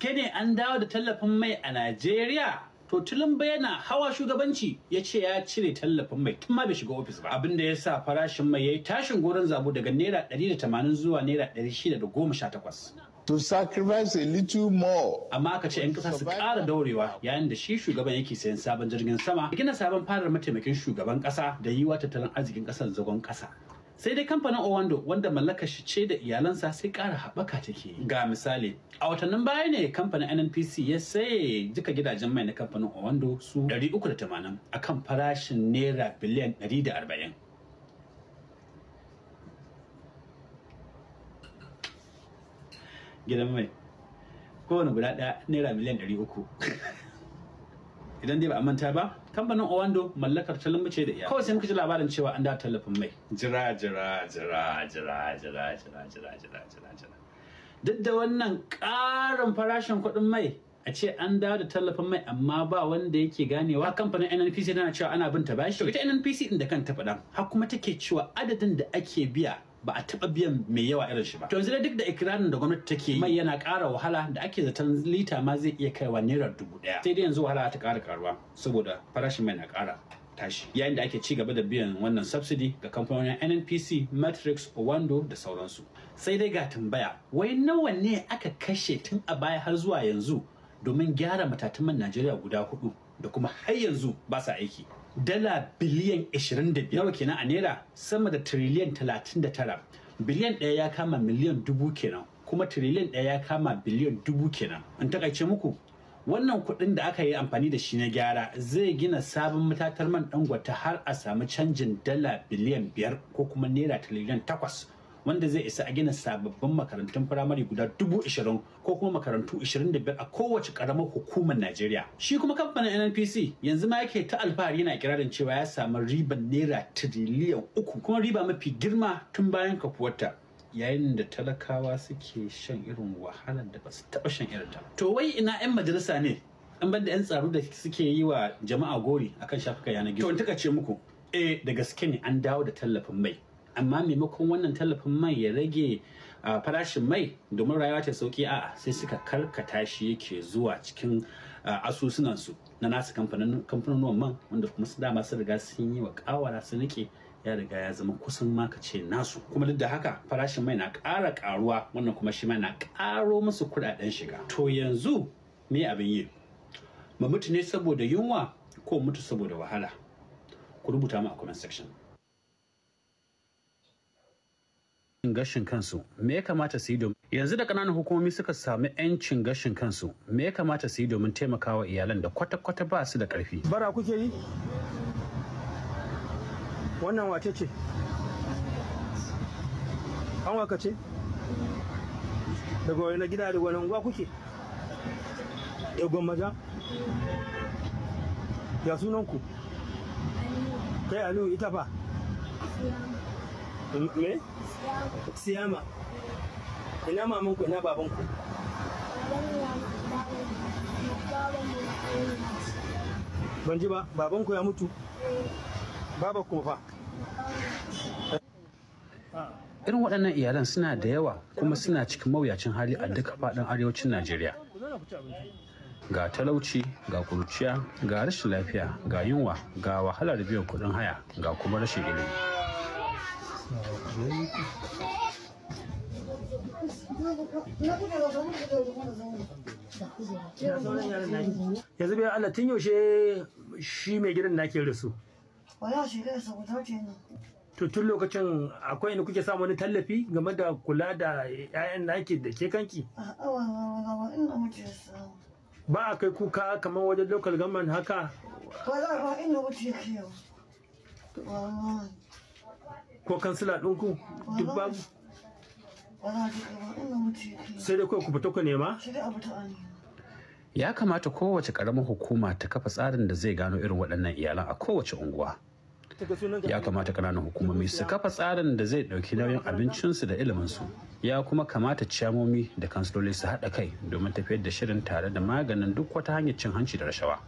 gaske ne an dawo da tallafin mai a Najeriya? To Tulumba yana hawa shugabanci ya ce ya cire tallafin mai tun ma bai shiga ofis ba. Abin da ya sa farashin mai ya yi tashin goron zabo daga naira tamanin zuwa naira 618. To sacrifice a little more. Amma aka ce 'yan kasa su ƙara daurewa yayin da shi shugaban yake sayan sabon jirgin sama, gina sabon farar mataimakin shugaban ƙasa da yiwa tattalin arzikin ƙasar zagon ƙasa. sai dai kamfanin owando wanda mallaka shi ce da iyalansa sai ƙara haɓaka take ga misali a watannin baya ne kamfanin nnpc ya saye jika gidajen mai na kamfanin owando su 380 a kan farashin naira biliyan 140 gidan mai kowane guda ɗaya naira miliyan 300 idan dai ba a manta ba kamfanin Owando mallakar Talumbu ce da iya. Kawai sai muka ji labarin cewa an da tallafin mai. Jira jira jira jira jira jira jira jira jira jira. Duk da wannan ƙarin farashin kuɗin mai a ce an dawo da tallafin mai amma ba wanda yake ganewa kamfanin nnpc tana cewa ana bin ta bashi ita nnpc din da kanta faɗa har kuma take cewa adadin da ake biya ba a taɓa biyan mai yawa irin shi ba. To yanzu duk da ikirarin da gwamnati take yi mai yana ƙara wahala da ake zaton lita ma zai iya kaiwa naira dubu ɗaya. Sai dai yanzu wahala ta ƙara ƙaruwa saboda farashin mai na ƙara. tashi yayin da ake ci gaba da biyan wannan subsidy ga kamfanonin nnpc matrix owando da sauransu sai dai ga tambaya wai nawa ne aka kashe tun a baya har zuwa yanzu domin gyara matatan man najeriya guda hudu da kuma har yanzu ba sa aiki dala biliyan 25 nawa kenan a naira sama da tiriliyan 39 biliyan ɗaya ya kama miliyan dubu kenan kuma tiriliyan ɗaya ya kama biliyan dubu kenan in takaice muku wannan kuɗin da aka yi amfani da shi na gyara zai gina sabon matatar man dangwata har a samu canjin dala biliyan biyar ko kuma naira tiriliyan takwas wanda zai isa a gina sababbin makarantun firamare guda dubu ishirin ko kuma makarantu ishirin da biyar a kowace karamar hukumar Najeriya. Shi kuma kamfanin NNPC yanzu ma yake ta alfahari yana kirarin cewa ya samu riban naira tiriliyan uku kuma riba mafi girma tun bayan kafuwarta. yayin da talakawa suke shan irin wahalar da ba su taɓa shan irin ta. To wai ina 'yan majalisa ne an banda 'yan tsaro da suke yi wa jama'a gori akan shafukan yanar gizo. To in ce muku eh da gaske ne an dawo da tallafin mai amma maimakon wannan tallafin mai ya rage farashin mai domin rayuwa ta sauki a sai suka karkata shi yake zuwa cikin asusunansu na nasu kamfanin man wanda kuma su dama su riga sun yi wa kawara su nike ya riga ya zama kusan makace nasu kuma duk da haka farashin mai na ƙara ƙaruwa wannan kuma shi mai na ƙaro musu kuɗaɗen shiga to yanzu me abin yi mu mutu ne saboda yunwa ko mutu saboda wahala ku rubuta mu a comment section 'yancin gashin kansu me ya kamata su yi domin yanzu da ƙananan hukumomi suka sami 'yancin gashin kansu me ya kamata su yi domin taimakawa iyalan da kwata-kwata ba su da ƙarfi bara kuke yi wannan wace ce an waka ce daga wani gida da wani unguwa kuke Ya maja ya sunanku kai aliyu ita fa me eh? siyama ina irin waɗannan iyalan suna da yawa kuma suna cikin mawuyacin hali a duka faɗin arewacin najeriya ga talauci ga kuruciya, ga rashin lafiya ga yunwa ga wahalar biyan kuɗin haya ga kuma rashin ilimi yanzu zube Allah tun yaushe shi mai gidan na ke rasu wala ga sau ta ce ne to tun lokacin akwai inda kuke samu wani tallafi game da kula da 'ya'yan naki da ke kanki ba a kai kuka kamar wajen local government haka wala ba inda wuce ke yau ko kansila ɗinku duk babu sai dai kawai ku fito ku nema ya kamata kowace karamar hukuma ta kafa tsarin da zai gano irin waɗannan iyalan a kowace unguwa ya kamata kananan hukumomi su kafa tsarin da zai ɗauki nauyin abincinsu da iliminsu ya kuma kamata ciyamomi da kansiloli su haɗa kai domin tafiyar da shirin tare da maganin duk wata hanyar cin hanci da rashawa.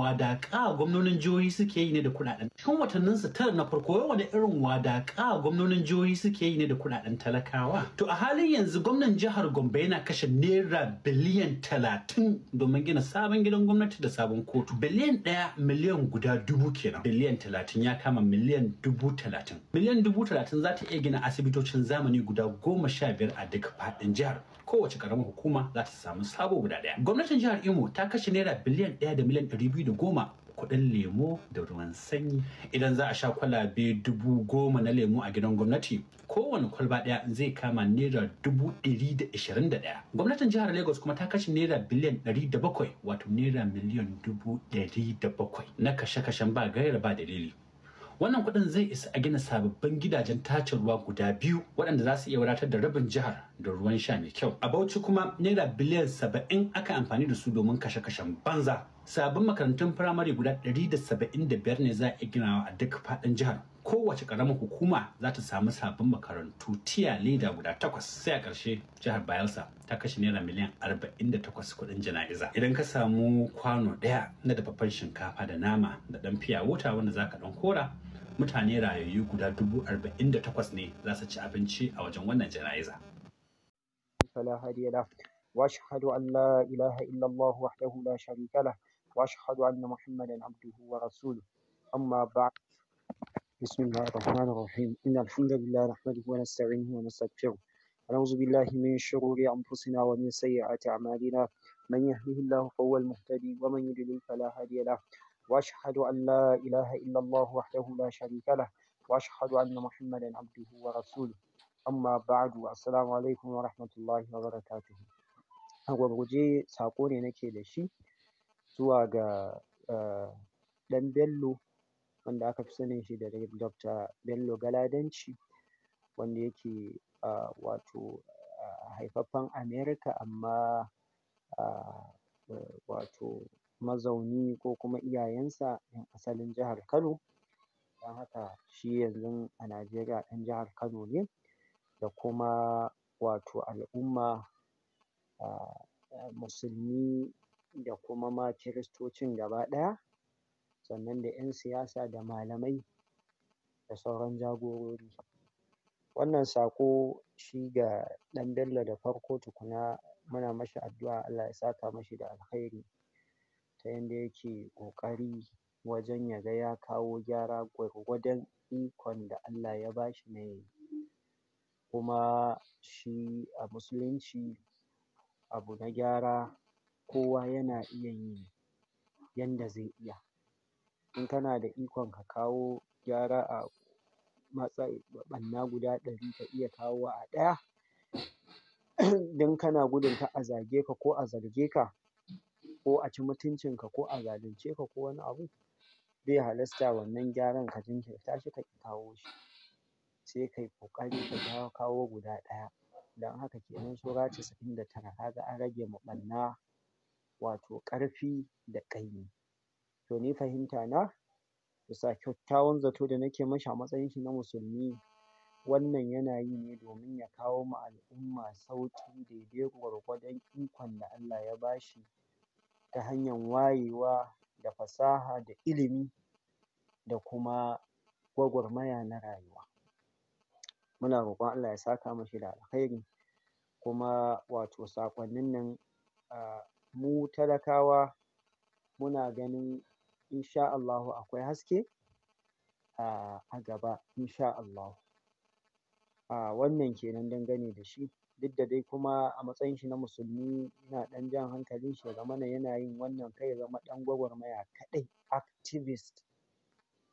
wadaƙa gwamnonin jihohi suke yi ne da kudaden cikin watannin su tara na farko wani irin wadaƙa gwamnonin jihohi suke yi ne da kudaden talakawa to a halin yanzu gwamnan jihar gombe yana kashe naira biliyan talatin domin gina sabon gidan gwamnati da sabon kotu biliyan ɗaya miliyan guda dubu kenan biliyan talatin ya kama miliyan dubu talatin miliyan dubu talatin za ta iya gina asibitocin zamani guda goma sha biyar a duka faɗin jihar kowace karamin hukuma za ta samu sabo guda ɗaya gwamnatin jihar imo ta kashe naira biliyan ɗaya da miliyan ɗari biyu da goma kuɗin lemo da ruwan sanyi idan za a sha kwalabe dubu goma na lemo a gidan gwamnati kowane kwalba ɗaya zai kama naira dubu ɗari da ashirin da ɗaya gwamnatin jihar lagos kuma ta kashe naira biliyan ɗari da bakwai wato naira miliyan dubu ɗari da bakwai na kashe-kashen ba gaira ba dalili wannan kudin zai isa a gina sababbin gidajen tace ruwa guda biyu waɗanda za su iya wadatar da rabin jihar da ruwan sha mai kyau a bauchi kuma naira biliyan saba'in aka amfani da su domin kashe-kashen banza sabbin makarantun firamare guda ɗari da da saba'in biyar ne za a ginawa a duk faɗin jihar kowace karamar hukuma za ta samu sabbin makarantu tiya leda guda takwas sai a ƙarshe jihar bayelsa ta kashe naira miliyan 48 kuɗin jana'iza idan ka samu kwano ɗaya na dafaffen shinkafa da nama da ɗan fiya wuta wanda za ka ɗan kora mutane rayayyu guda dubu arba'in da takwas ne za su ci abinci a wajen wannan jana'iza. واشهد ان لا اله الا الله وحده لا شريك له واشهد ان محمدا عبده ورسوله اما بعد بسم الله الرحمن الرحيم ان الحمد لله نحمده ونستعينه ونستغفره ونعوذ بالله من شرور انفسنا ومن سيئات اعمالنا من يهده الله فهو المهتدي ومن يضلل فلا هادي له وأشهد أن لا إله إلا الله وحده لا شريك له وأشهد أن محمدا عبده ورسوله amma ba'du assalamu alaikum wa rahmatullahi wa barakatuhu a gurguje sako ne nake da shi zuwa ga ɗan bello wanda aka fi sanin shi da dr bello galadanci wanda yake wato haifaffen america amma wato mazauni ko kuma iyayensa ‘yan asalin jihar Kano don haka shi yanzu a Najeriya ɗan jihar Kano ne da kuma wato al'umma musulmi da kuma ma kiristocin gaba ɗaya sannan da ‘yan siyasa da malamai da sauran jagorori wannan saƙo shi ga ɗan Bello da farko tukuna muna mashi addu'a Allah ya saka mashi da alkhairi. ta yanda yake ƙoƙari wajen ya ga ya kawo gyara gwargwadon ikon da Allah ya bashi shi na kuma shi a musulunci abu na gyara kowa yana iya yi yanda zai iya in kana da ikon ka kawo gyara a ɓanna guda ɗari ka iya kawo a ɗaya don kana gudun kar a zage ka ko a zarge ka ko a ci mutuncin ka ko a zalunce ka ko wani abu bai halasta wannan gyaran ka jinkirta shi ka ƙi kawo shi sai kai ƙoƙari ka kawo guda ɗaya don haka kenan saura casa'in da tara ka an rage ma wato ƙarfi da ƙaimi to ni fahimta na bisa kyakkyawan zato da nake mashi a matsayin shi na musulmi wannan yana yi ne domin ya kawo ma al'umma sauƙi daidai gwargwadon ikon da Allah ya bashi. ta hanyar wayewa da fasaha da ilimi da kuma gwagwarmaya na rayuwa muna roƙon Allah ya saka mishi da alkhairi kuma wato saƙonnin nan mu talakawa muna ganin in Allahu akwai haske a gaba in sha Allahu a wannan kenan dangane da shi duk da dai kuma a matsayin shi na musulmi ina ɗan jan hankalin shi ya zamana yana yin wannan kar ya zama ɗan gwagwarmaya kaɗai activist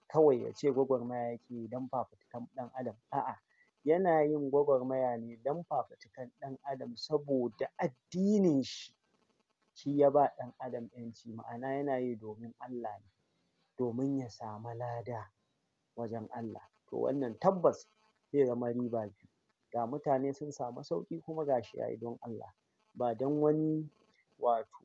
kawai ya ce gwagwarmaya yake yi don fafutukar ɗan adam a'a yana yin gwagwarmaya ne don fafutukar ɗan adam saboda addinin shi shi ya ba ɗan adam ƴanci ma'ana yana yi domin Allah ne domin ya samu lada wajen Allah to wannan tabbas zai zama riba ga mutane sun samu sauƙi kuma ga shi yayi don Allah ba don wani wato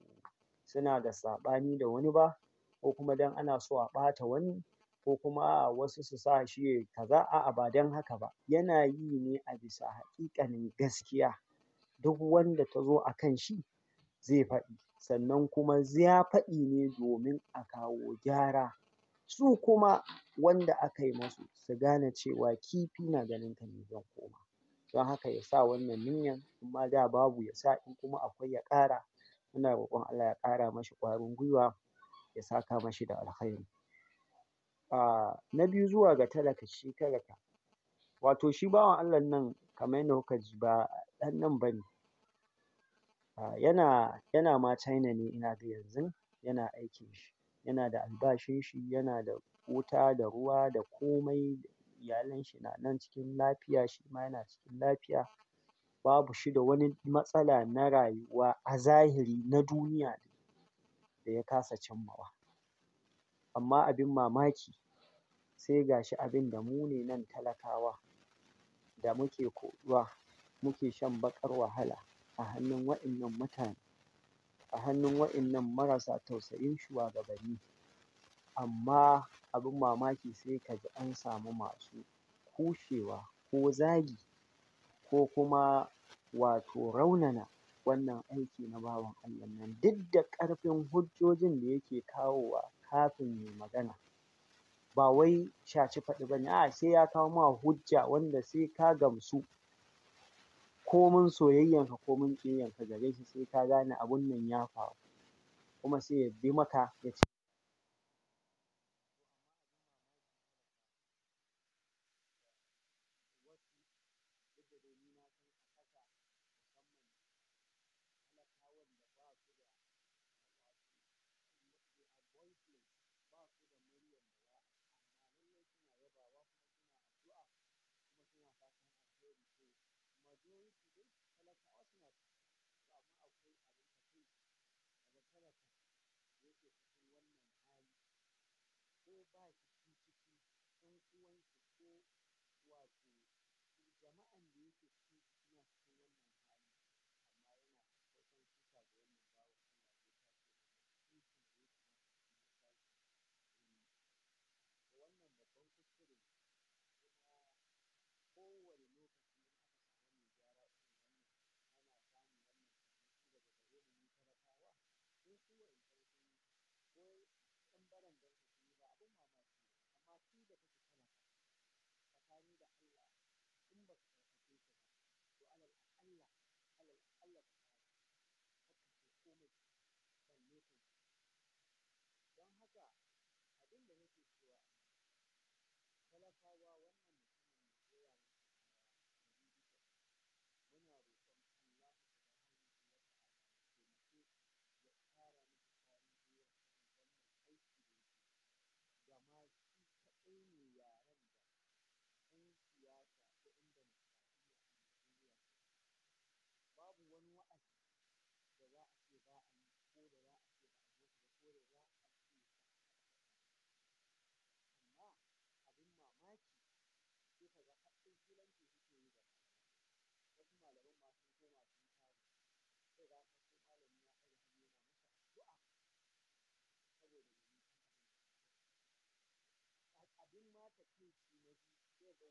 suna da saɓani da wani ba ko kuma don ana so a ɓata wani ko kuma a'a wasu su sa shi ya kaza a'a ba don haka ba yana yi ne a bisa haƙiƙanin gaskiya duk wanda ta zo a kan shi zai faɗi sannan kuma ya faɗi ne domin a kawo gyara su kuma wanda aka yi masu su gane cewa kifi na ganin ka ne zan koma don haka ya sa wannan niyyan in ma da babu ya sa in kuma akwai ya ƙara muna roƙon Allah ya ƙara mashi ƙwarin gwiwa ya saka mashi da alkhairi a na biyu zuwa ga talaka shi talaka wato shi bawan Allah nan kamar yadda kuka ji ba ɗan nan bane yana yana ma China ne ina ga yanzun yana aikin shi yana da albashin shi yana da wuta da ruwa da komai iyalan shi na nan cikin lafiya shi yana cikin lafiya babu shi da wani matsala na rayuwa a zahiri na duniya da ya kasa cimmawa amma abin mamaki sai ga shi da mu ne nan talakawa da muke koɗuwa muke shan baƙar wahala a hannun wa'innan mutane a hannun wa'innan marasa tausayin shuwagabanni amma abin mamaki sai ka ji an samu masu kushewa ko zagi ko kuma wato raunana wannan aiki na bawan Allah nan duk da ƙarfin hujjojin da yake kawowa kafin yai magana ba wai shaci faɗi ba ne a'a sai ya kawo ma hujja wanda sai ka gamsu komin soyayyanka komin ka gare shi sai ka gane abun nan ya faru kuma sai ya bi maka ya ce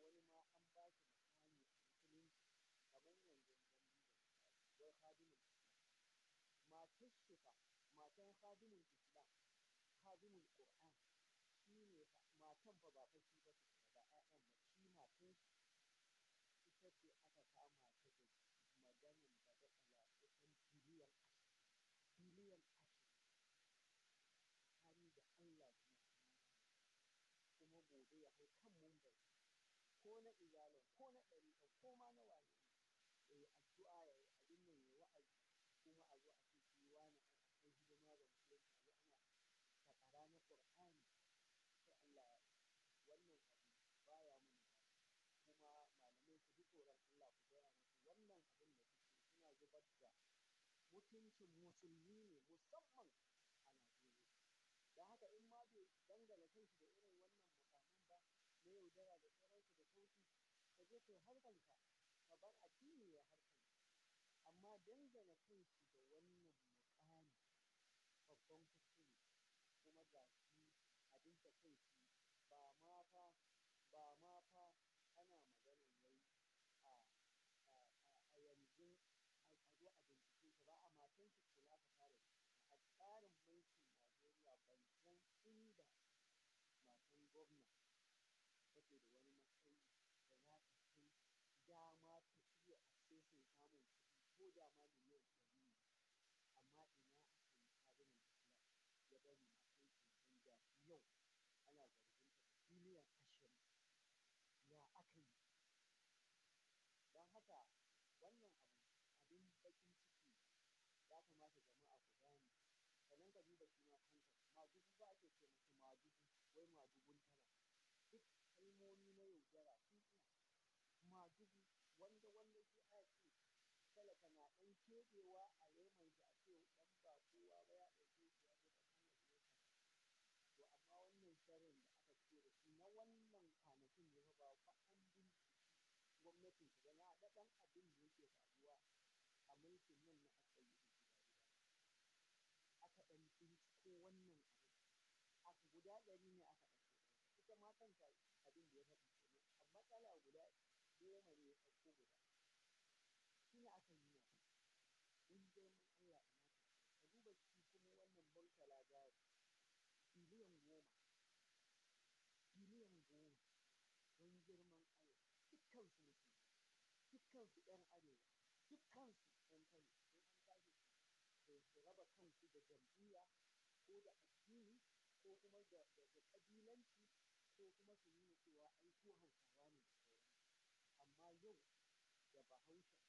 wani ma an ba shi makami a musulunci kamar yanzu wai hadimin matar shifa matan hadimin islam hadimin ƙur'an shi ne matan fa ba fashi zubar da mutuncin musulmi ne musamman a Najeriya. Da haka in ma bai dangana kanshi da irin wannan mukamin ba na yaudara da sauransu da sauki ka je kai harkanka ka bar addini ya harkanka. Amma dangana kanshi da wannan mukami babban kuskure kuma ga shi abin takaici ba ma tun tukkuna aka fara a tsarin mulkin Najeriya ban san inda matan gwamna take da wani matsayi da za ta kai dama ta iya a samun kuɗi ko da ma ya kamata jama'a ku gane sannan ka duba shi ma kanka madugu ba ake ce masa wai madugun tara duk kalmomi na yaudara sun ina madugu wanda wanda shi aya ce talaka na ɗan keɓewa a lemanta a ce ɗan ba kowa ba ya ɗauke shi ya ce ɗan to amma wannan sharrin da aka ce da shi na wannan kwanakin ne ba fa an binciki gwamnatin ta gana da ɗaɗan abin da yake faruwa a mulkin nan na wannan abin aka guda ɗari ne aka ɗauko ita ma kanta abin da ya faɗi kenan amma matsala guda goma ne ya ɗauko guda shi ne aka yi wa in girman Allah ina ka ka duba shi kuma wannan murtala gari biliyan goma biliyan goma don girman Allah dukkansu mutum dukkansu ɗan arewa dukkansu ɗan kano don an tashi su raba kansu da jam'iyya ko da addini ko kuma da kabilanci ko kuma su nuna cewa ai su hausawa ne da sauransu amma yau da bahaushen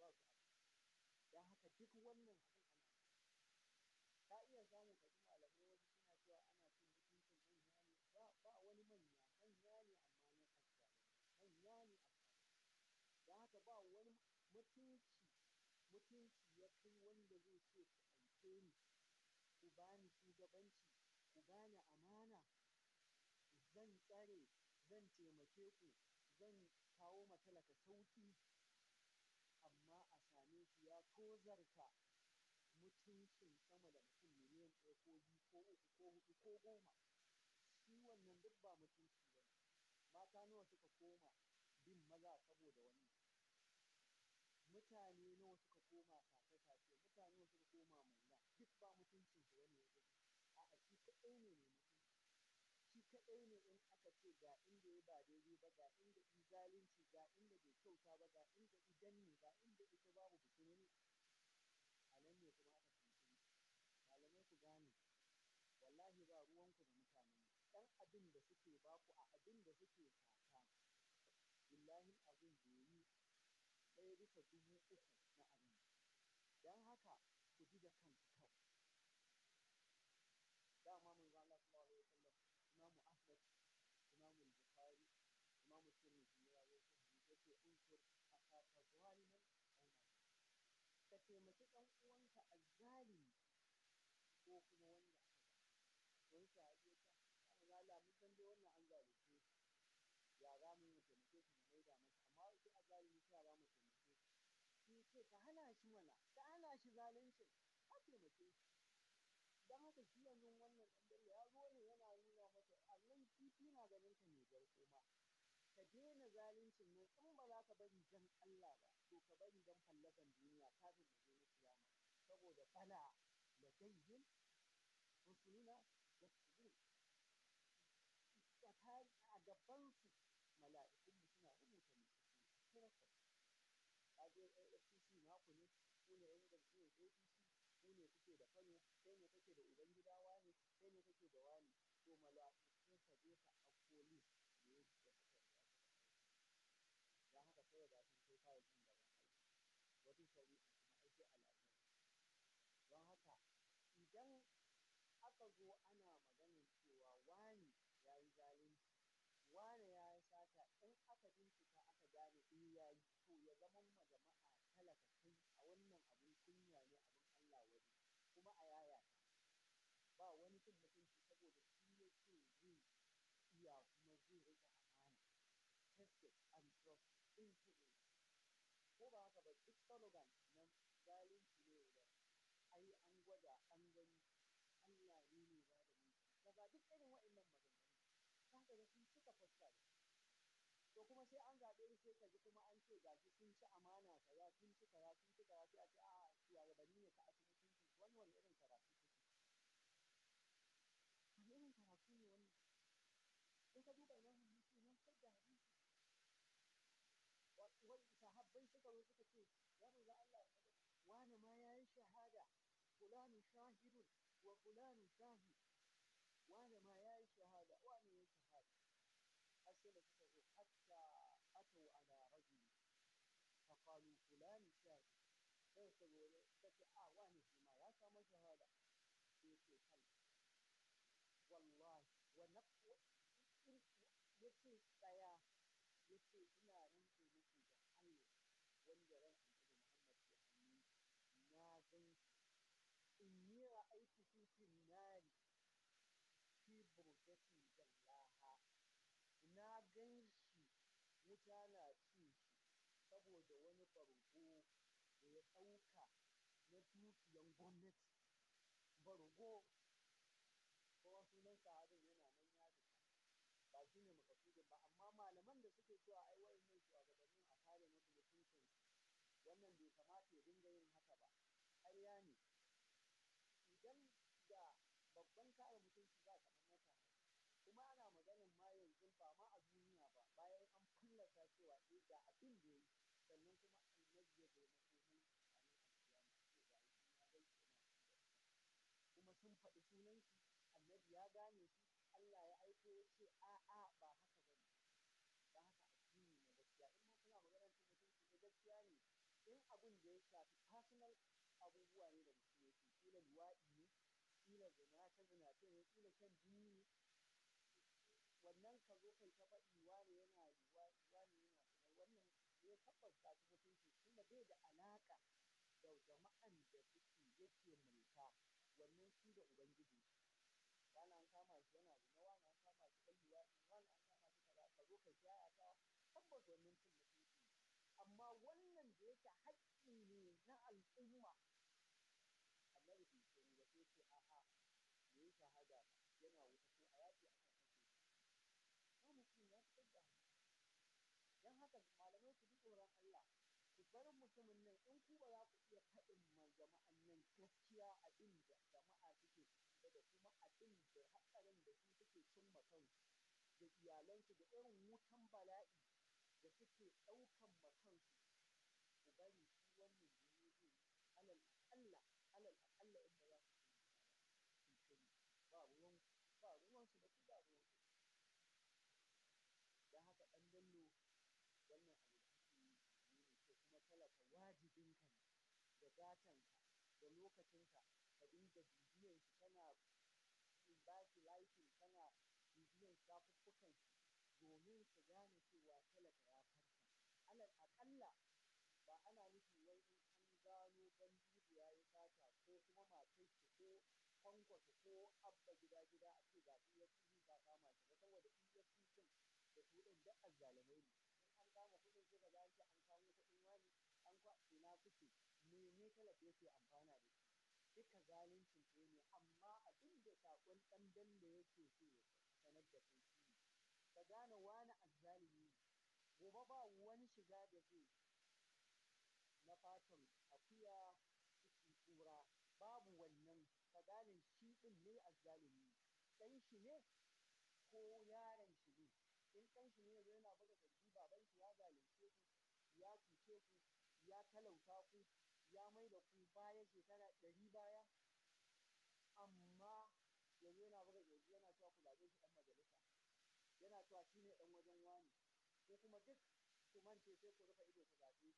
ba su abu don haka duk wannan abin ana ka iya samu ka ji malamai wasu suna cewa ana cin mutuncin manya ne ba wani manya manya ne amma na azzalumi manya ne azzalumi don haka ba wani mutunci mutunci ya kai wanda zai ce ku aike ni ku bani shugabanci ku gane amana zan tsare zan taimake ku zan kawo matalaka sauti? tozarta mutuncin sama da mutum miliyan ɗaya ko biyu ko uku ko hudu ko goma shi wannan duk ba mutunci ba mata nawa suka koma bin maza saboda wani mutane nawa suka koma sace-sace mutane nawa suka koma maula duk ba mutuncin su wani ya a a shi kaɗai ne mai mutunci shi kaɗai ne in aka ce ga inda ya ba daidai ba ga inda in zalunci ga inda bai kyauta ba ga inda idan ne ga inda ita babu ɗan abin da suke baku a abin da suke sata billahi abin da ya yi ɗaya bisa dubu uku na abin don haka ku ji da kanku kau dama mun ga Allah sallallahu alaihi wasallam imamu ahmad imamu bukhari imamu tirmidhi ya zo yake unsur akaka zaliman aw ka taimaki ɗan uwanka azzalimi ko kuma wanda aka zalunta to yake Allah mun san dai wannan an zalunce shi ya za mu yi taimake shi mu da masa amma sai a zalunci ya za mu taimake shi shi ce ka hana shi mana ka hana shi zaluncin ka taimake shi don haka shi yanzu wannan ɗan ya zo ne yana nuna masa allon kifi na ganin ka mai garko ma ka daina zaluncin nan in ba za ka bari dan Allah ba to ka bari dan fallakan duniya kafin ta gobe na kiyama saboda fala da dayyin musulina ka je AFCC naku ne ku ne yan da ku ne APC ku ne kuke da Kano kai ne kake da Ubangida wani kai ne kake da wani to mala'iku ka je ka akko ne ne da suka yi dan haka sai da sun kai kayan jin gaban aiki wata shari'a kuma aiki al'adu don haka idan aka zo ana maganin cewa wani ya yi zalunci wani ya yi sata in aka bincika aka gane in ya yi to ya zama sun kuɗi ko ba haka ba duk slogan na zalunci ne da ai an gwada an gani an ne ne ba da mu ga duk irin wa'annan maganganu ta ga sun cika fuska da to kuma sai an zaɓe sai ka ji kuma an ce gashi sun ci amana ya sun ci ya sun ci ya sai a ce a'a shugabanni ne ka a wani wani sahabbai suka zo suka ce ya manzo Allah wani ma yayi shahada fulani shahidun wa fulani shahid wani ma yayi shahada wani yayi shahada أسئلة تقول حتى أتوا على رجل فقالوا فلان شاهد فيقول لك آه وأنا ما يا كما شهادة يقول هل والله ونقوى يقول يا يقول إنا gan shi wuta na cin shi saboda wani bargo da ya ɗauka na dukiyan gwamnati. Bargo, kuma sunan sahabin yana nan ya ba shi ne makasudin ba, amma malaman da suke cewa ai wa'annan shugabannin a kare musu mutuncin wannan bai kamata ya dinga yin haka ba, ƙarya ne. Idan da babban kare mutunci za ka kamar na kuma ana maganin ma yanzu ba ma a duniya ga abin da ya yi sannan kuma annabi ya bai makomi a nan alkiyama ce ga yi ya bai kuma sun faɗi sunan shi annabi ya gane shi Allah ya aiko ya ce a'a ba haka ba ne ba haka a addini ne gaskiya in ma kana magana ta mutunci ne gaskiya ne in abin da ya shafi personal abubuwa ne da mutum ya ce kila luwaɗi ne kila zinace zinace ne kila shan jini ne wannan ka zo kai ta faɗi wane yana luwaɗi wane yana ya tabbata ci mutunci tunda bai da alaƙa da jama'an da suke yake mulka wannan shi da ubangiji wani an kama shi yana zina wani an kama shi ɗan liwaɗi wani an kama shi kaza ka zo ka shaya ta tabbas wannan cin mutunci amma wannan da yake haƙƙi ne na al'umma annabi bai ce ni sai ce a da ya shahada yana wuta ko a yaƙi akan kashe shi ma mutum ya fitar da don haka malamai bayan Allah ku bar mutumin nan in ku ba za ku iya faɗin ma jama'an nan gaskiya a inda jama'a suke da kuma a inda haɗarin da su suke cimma kansu da iyalansu da irin wutan bala'i da suke ɗaukan ma kansu buƙatanka da lokacinka ka dinga bibiyan shi kana ba shi liking kana bibiyan shafuffukan shi domin ka gane cewa talaka ya farka alal aƙalla ba ana nufin wai in an gano gandudu ya yi sata ko kuma matar shi ko kwankwasa ko abba gida gida a ce ga efcc ba kama shi ba saboda efcc da su ɗin azzalamai ne in an kama kuɗin sai ka ga an kamo kuɗin wani an kwa ina kuke talaka yake amfana da shi duka zalincin ɗaya ne amma abin da saƙon ɗan dambe yake so ya sanar da kai shi ka gane wani azzalimi gobe ba wani shiga da zai na fatan akuya ciki tsura babu wannan ka gane shi ne azzalimi ɗan shi ne ko yaron shi ne in ɗan shi ne yana buga karfi baban shi ya zalunce ku ya cuce ku ya talauta ku ya mai da ku baya shekara ɗari baya amma yanzu yana buga yanzu yana cewa ku zaɓe shi ɗan majalisa yana cewa shi ne ɗan wajen wani ko kuma duk ku mance sai ku rufe ido ku zaɓe shi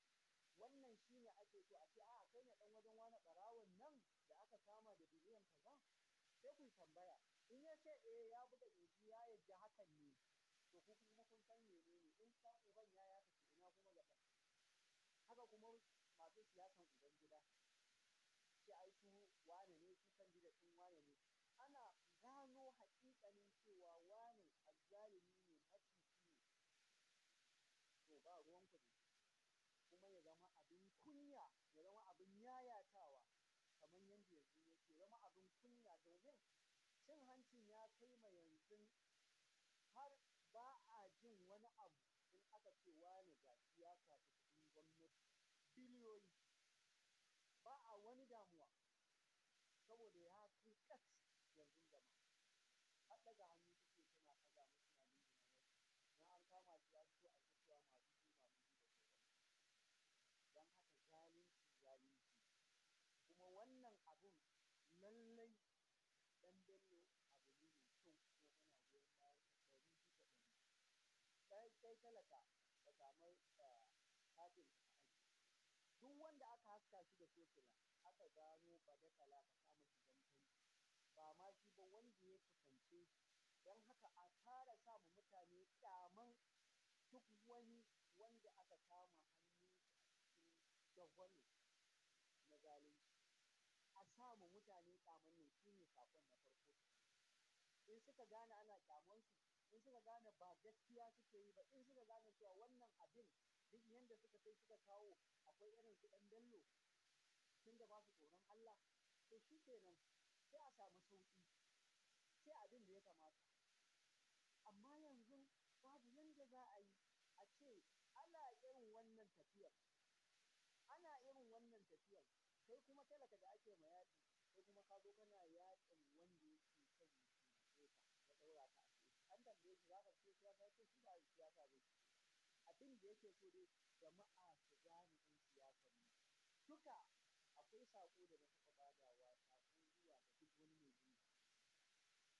wannan shi ne ake so a ce a kai ne ɗan wajen wani ɓarawon nan da aka kama da biliyan kaza sai ku tambaya in ya ce eh ya buga yanzu ya yadda hakan ne to ku kuma kun san menene in ta uban ya yakan uban gida ce ai su wane ne su san gida sun wane ne ana gano hakikanin cewa wane azzalimi ne maciji ne to ba ruwan kudi kuma ya zama abin kunya ya zama abin yayatawa kamar yadda yanzu yake zama abin kunya domin cin hancin ya kai ma yanzu har ba a jin wani abu in aka ce wani gashi ya kafi kuɗin gwamnati biliyoyi akwai damuwa saboda ya kai kat yanzu gama har daga hannu suke suna kaza mu suna dingina mai na an kama shi ya fito a cewa masu ji masu ji da sauran don haka zalunci zalunci kuma wannan abun lallai dan bello abu ne mai kyau ko ana goyon bayan ka ɗari bisa ɗari ɗaya kai talaka ka samu eh, katin duk wanda aka haska shi da sosila aka gano badakala ka kama shigan ba ma shi ba wanda ya kusance shi don haka a fara sa mu mutane kyaman duk wani wanda aka kama hannu shi a cikin na zalunci a sa mu mutane kyaman ne shi ne sakon na farko in suka gane ana su in suka gane ba gaskiya suke yi ba in suka gane cewa wannan abin duk yanda suka sai suka kawo akwai irin su ɗan bello tunda ba su tsoron Allah to shi kenan sai a samu sauƙi sai abin da ya kamata amma yanzu babu yanda za a yi a ce ana irin wannan tafiyar ana irin wannan tafiyar kai kuma talaka da ake ma yaƙi sai kuma ka zo kana yaƙin wanda yake son ya ka ya ɗaura ka a an tambaye shi za ka ce siyasa ya ce shi ba siyasa ba abin da yake so dai jama'a su gane ɗin siyasar ne duka akwai sako da na taɓa badawa saƙo zuwa ga duk wani mai ji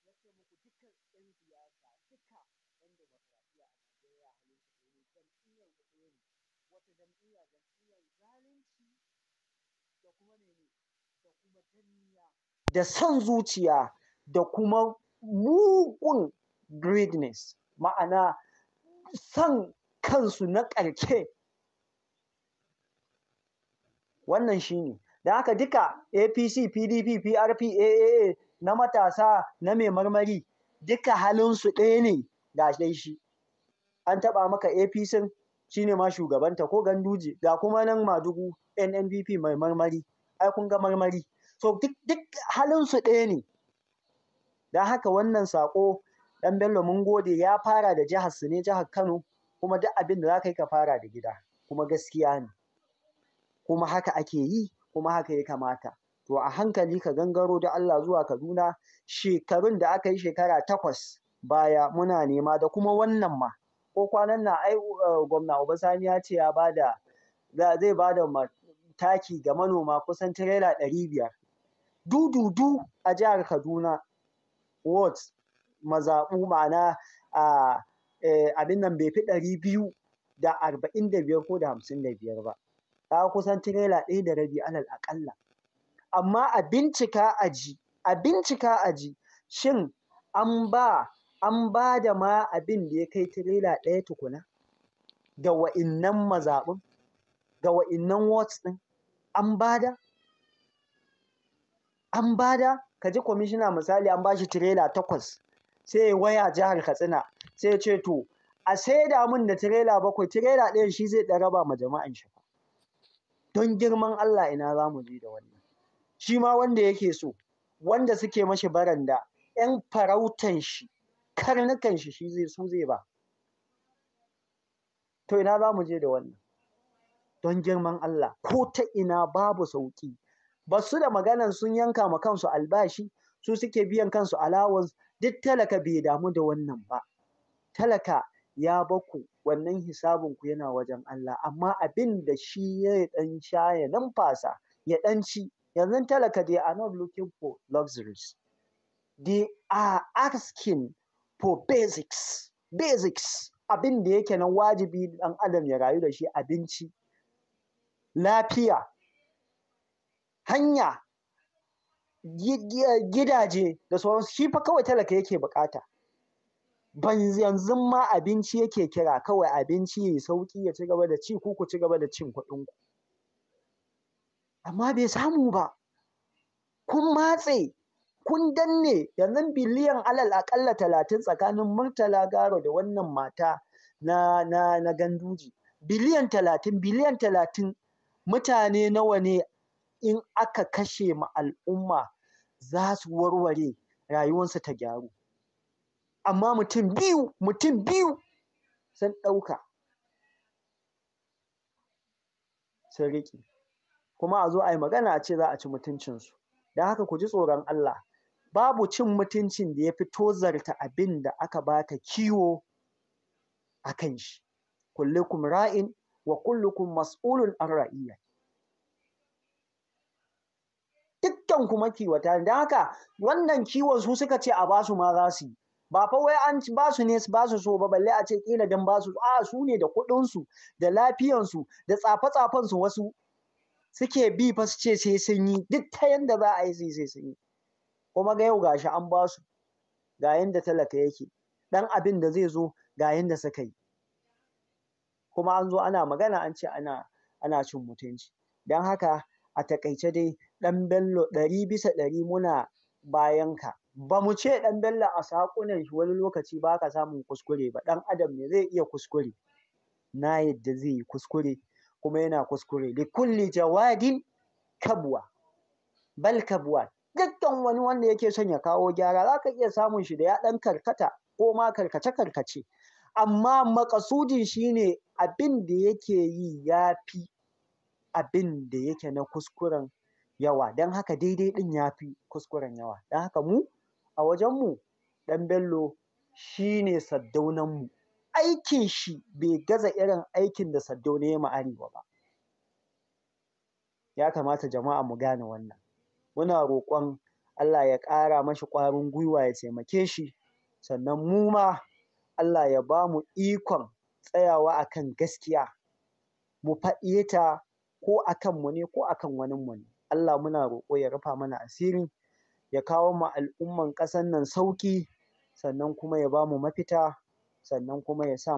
na ce muku dukkan ɗan siyasa duka ɗan demokrasiya a najeriya halin su ne jam'iyyar ku wata jam'iyya jam'iyyar zalunci da kuma mene da kuma danniya da son zuciya da kuma mugun greediness ma'ana son kansu na ƙarke wannan shi ne da haka duka apc pdp prp aaa na matasa na mai marmari duka halinsu ɗaya ne ga shi an taɓa maka apc shine ma shugabanta ko ganduje ga kuma nan madugu nnpp mai marmari ai kun ga marmari so duk halinsu ɗaya ne Da haka wannan saƙo ɗan bello mun gode ya fara da jihar su ne jihar kano kuma duk abin da za ka yi ka fara da gida kuma gaskiya ne kuma haka ake yi kuma haka ya kamata to a hankali ka gangaro da Allah zuwa Kaduna shekarun da aka yi shekara takwas baya muna nema da kuma wannan ma ko kwanan na ai eh, gwamna Sani ya ce ya bada zai bada taki ga manoma kusan tirela ɗari biyar dududu a jihar Kaduna wards mazaɓu ma'ana a eh, abin nan bai fi ɗari biyu da arba'in da biyar ko da hamsin da biyar ba ta kusan tirela ɗaya da rabi alal aƙalla amma a bincika a ji a bincika a ji shin an ba an ba da ma abin da ya kai tirela ɗaya tukuna ga wa'innan mazaɓin ga wa'innan wots ɗin an ba da an ba da ka ji kwamishina misali an ba shi tirela takwas sai ya waya jihar katsina sai ya ce to a saida mun da tirela bakwai tirela ɗaya shi zai ɗan raba ma jama'an shi don girman Allah ina za mu je da wannan shi ma wanda yake so wanda suke mashi baranda 'yan farautan shi karnukan shi shi zai su zai ba to ina za mu je da wannan don girman Allah ko ta ina babu sauƙi ba su da maganan sun yanka ma kansu albashi su suke biyan kansu allowance duk talaka bai damu da wannan ba talaka ya baku wannan hisabin ku yana wajen Allah amma abin da shi ya dan sha ya numfasa ya dan ci yanzu talaka they are not looking for luxuries they are asking for basics basics abin da yake nan wajibi dan adam ya rayu da shi abinci lafiya hanya gidaje da sauransu shi fa kawai talaka yake buƙata. ban yanzu ma abinci yake kira kawai abinci yayi sauƙi ya ci gaba da ci ku ku ci gaba da cin kuɗin ku amma bai samu ba kun matse kun danne yanzu biliyan alal aƙalla talatin tsakanin murtala garo da wannan mata na na na ganduji biliyan talatin biliyan talatin mutane nawa ne in aka kashe ma al'umma za su warware rayuwarsu ta gyaru amma mutum biyu mutum biyu sun ɗauka sun riƙe kuma a zo a yi magana a ce za a ci mutuncinsu don haka ku ji tsoron Allah babu cin mutuncin da ya fi tozarta abin da aka ta kiwo a kan shi kullukum ra'in wa kullukum mas'ulun an ra'iyya dukkan kuma kiwata don haka wannan kiwon su suka ce a basu ma za su yi ba fa wai an ba su ne ba su so ba balle a ce kila dan ba su a su ne da kuɗin su da lafiyan su da tsafa tsafan su wasu suke bi fa su ce sai sun yi duk ta yanda za a yi sai sai sun yi kuma ga yau gashi an ba su ga yanda talaka yake dan abin da zai zo ga yanda suka yi kuma an zo ana magana an ce ana ana cin mutunci don haka a takaice dai 'dan bello ɗari bisa ɗari muna bayanka ba mu ce ɗan bello a sakunan shi wani lokaci ba ka samun kuskure ba ɗan adam ne zai iya kuskure na yadda zai yi kuskure kuma yana kuskure da kulli jawadin kabwa bal kabwa dukkan wani wanda yake son ya kawo gyara za ka iya samun shi da ya ɗan karkata ko ma karkace karkace amma makasudin shine abin da yake yi ya fi abin da yake na kuskuren yawa don haka daidai din ya fi kuskuren yawa don haka mu a wajenmu ɗan bello shi ne mu aikin shi bai gaza irin aikin da saddauna ya arewa ba ya kamata jama'a mu gane wannan muna roƙon Allah ya ƙara mashi ƙwarin gwiwa ya taimake shi sannan mu ma Allah ya ba mu ikon tsayawa akan gaskiya mu faɗi ta ko akan mu ne ko akan wanin mu ne Allah muna roƙo ya rufa mana asirin. ya kawo ma al'umman ƙasan nan sauƙi sannan kuma ya bamu mafita sannan kuma ya sa